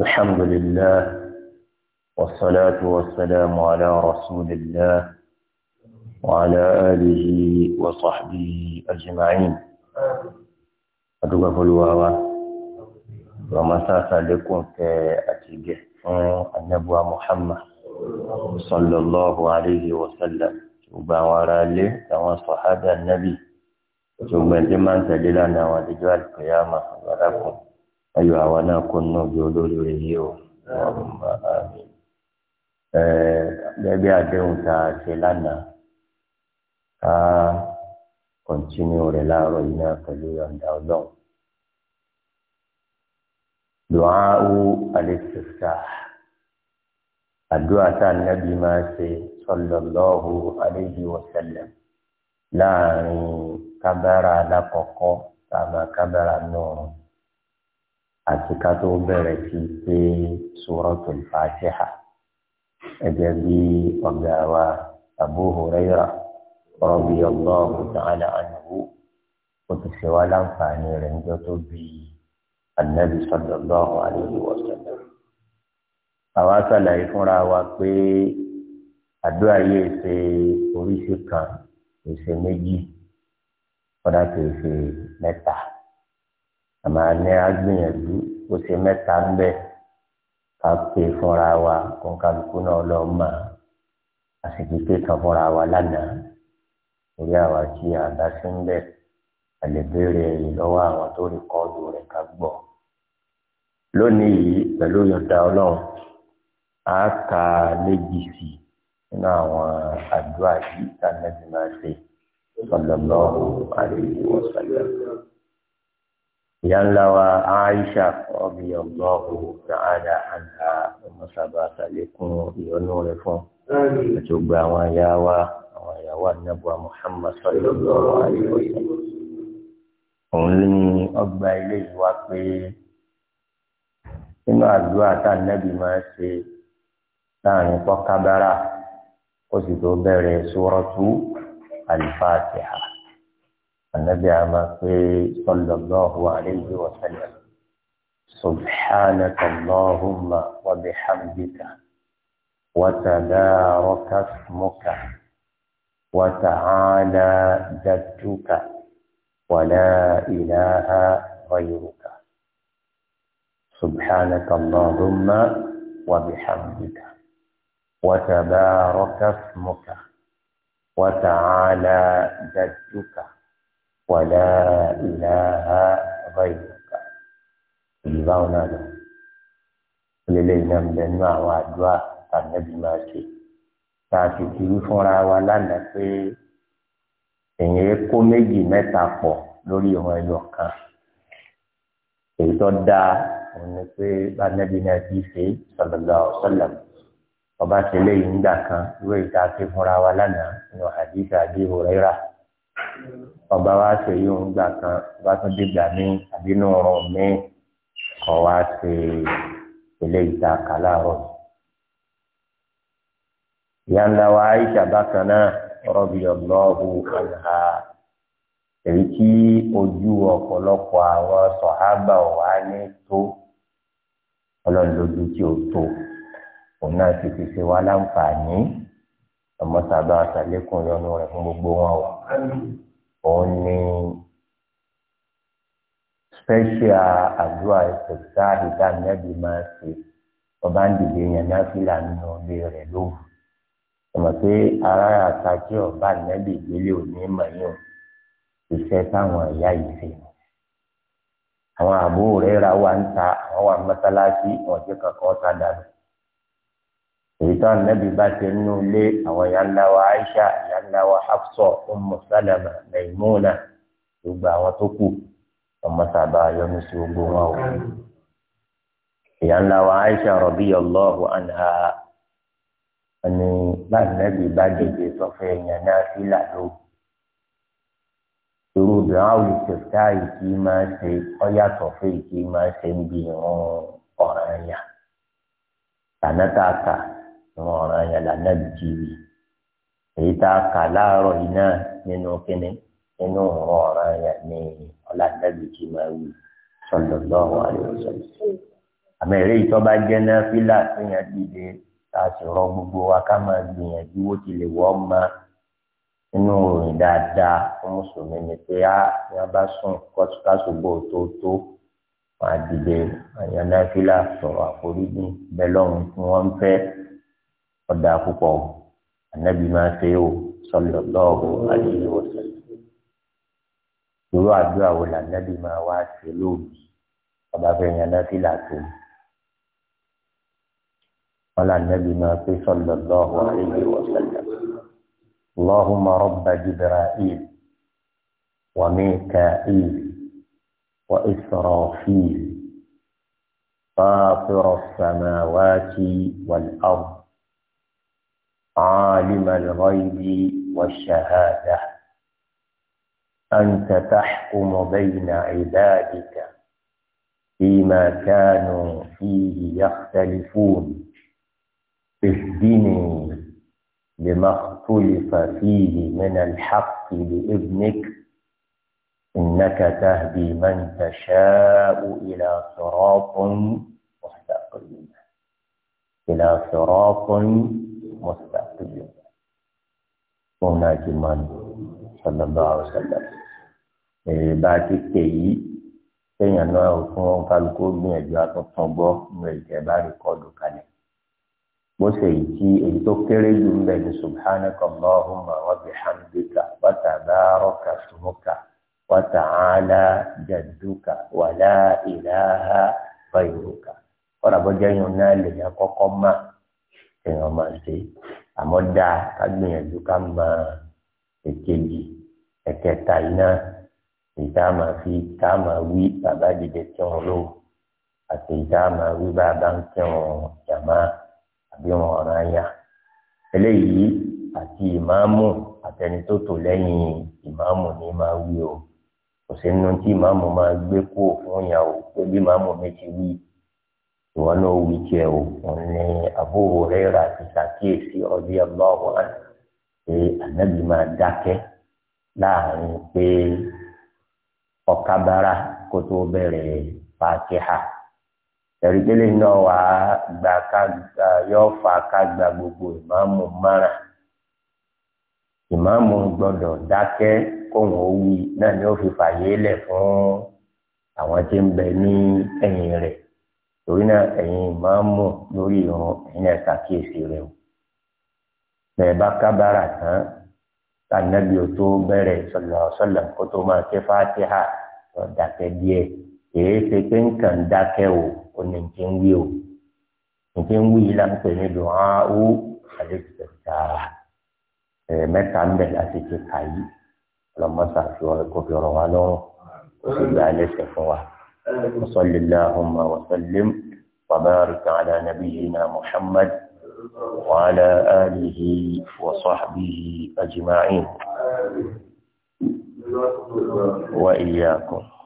الحمد لله والصلاة والسلام على رسول الله وعلى آله وصحبه أجمعين أدوك فلواوا ومساس لكم كأتيجه النبوة محمد صلى الله عليه وسلم وبعوار له كما صحابة النبي ثم انتما تجلنا ودجال القيامة ولكم ayọ̀ àwa náà kó nínú bí olórí rẹ̀ yìí o gẹ́gẹ́ àdéhùn tá a ṣe lánàá ká kọ̀ntínú rẹ̀ láàárọ̀ yìí náà pẹ̀lú ọ̀dà ọlọ́run. Dùhánwó Alẹ́sìsá àdúrà tá a nábì máa ṣe sallallahu alayhi wa sallam láàrin kábàárà alákọ̀ọ́kọ́ tá a àti ká tó bẹ̀rẹ̀ sí pé Suratul Fatiha ẹgẹ́ bí ọ̀gá wa Abu Huraira radiyallahu ta'ala anhu ó ti ṣe wá láǹfààní rẹ̀ níjọ́ tó bí Annabi sallallahu alayhi wa sallam. àwa sàlàyé fúnra wa pé àdúrà yìí ṣe oríṣi kan kì méjì kódà kì ṣe mẹ́ta àmọ́ ní agbìyànjú ó ṣe mẹ́ta ń bẹ̀ ká pè fúnra wa kó kálukú náà lọ mọ̀ àṣìkí pé kan fúnra wa lánàá orí àwa tí a bá sí ń bẹ̀ a béèrè ẹ̀yìn lọ́wọ́ àwọn tó rí kọ́ọ̀dù rẹ̀ ká gbọ́. lónìí yìí pẹ̀lú yọ̀dá ọlọ́run a kà méjì sí nínú àwọn àdúrà yìí tá a nẹ́bí máa ṣe sallallahu alaihi wasallam ìyá ńlá wa Aisha ọbí ọgbọ òwò sàádà àǹtà ọmọ sábà sàlékún ìyọnu rẹ̀ fún àti gbogbo àwọn aya wa àwọn ìyàwó anábùa Muhammad sallallahu alaihi wasallam òun ní ọgbà ilé yìí wá pé nínú àdúrà tá ànábì máa ṣe láàrin pọkábára ó sì tó bẹ̀rẹ̀ sórọtú àlìfáàtìhà. النبي عماقي صلى الله عليه وسلم سبحانك اللهم وبحمدك وتبارك اسمك وتعالى جدك ولا إله غيرك سبحانك اللهم وبحمدك وتبارك اسمك وتعالى جدك wàlá ìlàhà ọ̀gáyìnká ìbáwọn náà lọ. olèlè iná ń bẹ nínú àwọn àdúrà tàbí máa ṣe tá a sì ti wí fúnra wa lánàá pé èèyàn kó méjì mẹ́ta pọ̀ lórí ìwọ̀n ẹyọ kan èyí tó dáa òun ni pé bá nẹ́bí náà ti ṣe sallallahu alaihi wasallam ọba ṣẹlẹ̀ yìí ń gbà kan lórí ìta ṣe fúnra wa lánàá nínú hadith Abi Hurairah ọba wa ṣe yóò ń gbà kan bá tún dìgbà ní àbínú ọrùn mi kọ wá ṣe eléyìí tá a kà láàárọ̀. ìyá ńlá wa Aisha bákan náà rọ́bì ọlọ́hu ọ̀nà èyí tí ojú ọ̀pọ̀lọpọ̀ àwọn sọ̀hábà wà ní tó ọlọ́run lójú tí ó tó òun náà ti fi ṣe wá láǹfààní ọmọtàbá àtàlékún yọnu rẹ̀ fún gbogbo wọn o òun ni special àdúrà ìṣèkà àdìgbà nẹ́bí máa ṣe ọba ń dìde yẹn náà fìlà nínú ilé rẹ̀ lóhùn ìmọ̀ pé ara àtàkì ọba nẹ́bí ìgbélé òní mọ̀yún iṣẹ́ táwọn ẹ̀yà yìí ṣe àwọn àbúrò rẹ̀ ra wa ń ta àwọn wa mọ́sálásí ọ̀jẹ̀ kankan ọ̀tá dànù èyí tó ànábì bá ti nú ilé àwọn ìyá ńlá wa Aisha ìyá ńlá wa Hafsa Ummu Salama Maimuna gbogbo àwọn tó kù ọmọ sábà yọnu sí gbogbo wọn o ìyá ńlá wa Aisha radiyallahu anha ẹni láti nẹbi bá dèjé sọfẹ èèyàn náà sí làló irú ìdáhùn ìṣẹ̀dá ìkí máa ṣe ọ̀yàtọ̀ fún ìkí máa ṣe ń bi ìrún ọ̀ràn ẹ̀yà tànátàkà ìran ọ̀ràn yẹn lànàbì tí wì èyí tá a kà láàárọ̀ yìí náà nínú kíni nínú ìran ọ̀ràn yẹn ní ọlànàbì tí máa wì sallallahu alaihi wasallam àmọ́ èrè yìí tó bá jẹ́ náà fílà tó yẹn dìde tá a sì rọ gbogbo wa ká máa gbìyànjú ó ti lè wọ́ ọ́ máa inú ròyìn dáadáa fún mùsùlùmí ni pé á ní a bá sùn kásùbò tó tó wọn dìde àyànnáfílà sọ̀rọ̀ àforíjì bẹ́ẹ̀ lọ́hùn tí wọ́n fẹ́ ọ̀dà púpọ̀ ànábì máa ṣe o sallallahu alaihi wasallam irú àdúrà wo làǹdàbí máa wá ṣe lóòbí ọba fẹ́ yan náà sí làtó wọn làǹdàbí máa pé sallallahu alaihi wasallam allahumma rabba jibra'il wa mika'il wa israfil فاطر السماوات والأرض عالم الغيب والشهادة أنت تحكم بين عبادك فيما كانوا فيه يختلفون اهدني لما اختلف فيه من الحق لابنك إنك تهدي من تشاء إلى صراط مستقيم إلى صراط مستقيم kejì fún náà ti máa ní sọlọ́bà ọ̀sẹ̀lẹ̀ èrè bá ti pè yìí kéèyàn náà fún kálukú gbìyànjú àtúntàn gbọ́ ní ẹ̀jẹ̀ bá rìkọ́dù kalẹ̀ bó ṣe yìí tí èyí tó kéré jù ń bẹ̀ ní subhanaka allahumma wa bihamdika wa tabaraka sumuka wa ta'ala jadduka wa la ilaha ghayruka kọ́ra bọ́jà yìí náà lè yà kọ́kọ́ máa èèyàn máa ṣe é àmọ́ dáa ká gbìyànjú ká mọ èkejì ẹ̀kẹta iná èyí tá a máa fi tá a máa wí bàbá dìde kírun lóhùn àti èyí tá a máa wí bàbá ń kírun jàmá àbí wọn ọ̀ràn ayá eléyìí àti ìmáàmù àtẹni tó tò lẹ́yìn ìmáàmù ni máa wí o kò sí nínú tí ìmáàmù máa gbé kúrò fún yàn o pé bí ìmáàmù mi ti wí ìwọ náà wí jẹ o wọn ní Abu Hurairah ti ṣàkíyèsí ọdí ọlọ́wọ́ pé ànábì máa dákẹ́ láàrin pé ọ̀kabara kó tó bẹ̀rẹ̀ fàtíhà tẹ̀rígbélé náà wà á gbà ká yọ fà ká gba gbogbo ìmáàmù mára ìmáàmù gbọ́dọ̀ dákẹ́ kóhùn ó wí náà ni ó fi fàyè lẹ̀ fún àwọn tí ń bẹ ní ẹ̀yìn rẹ̀ torí náà ẹ̀yin ìmáàmù lórí irun ẹ̀yin náà ṣàkíyèsí rẹ̀ o bẹ́ẹ̀ bá kábàárà tán tànàbí o tó bẹ̀rẹ̀ sọ̀lọ̀sọ̀lọ̀ kó tó máa ké fatiha lọ dákẹ́ díẹ̀ èyí ṣe pé nǹkan dákẹ́ o ò ní ti ń wí o nǹkan ń wí yìí là ń pè ní dùn á ó àlejò tààrà ẹ̀ mẹ́ta ń bẹ̀ láti ti kà ọlọ́mọ sàfihàn kò fi ọ̀rọ̀ wa lọ́rùn ó sì gba ẹlẹ́sẹ̀ fún wa. وصل اللهم وسلم وبارك على نبينا محمد وعلى آله وصحبه أجمعين وإياكم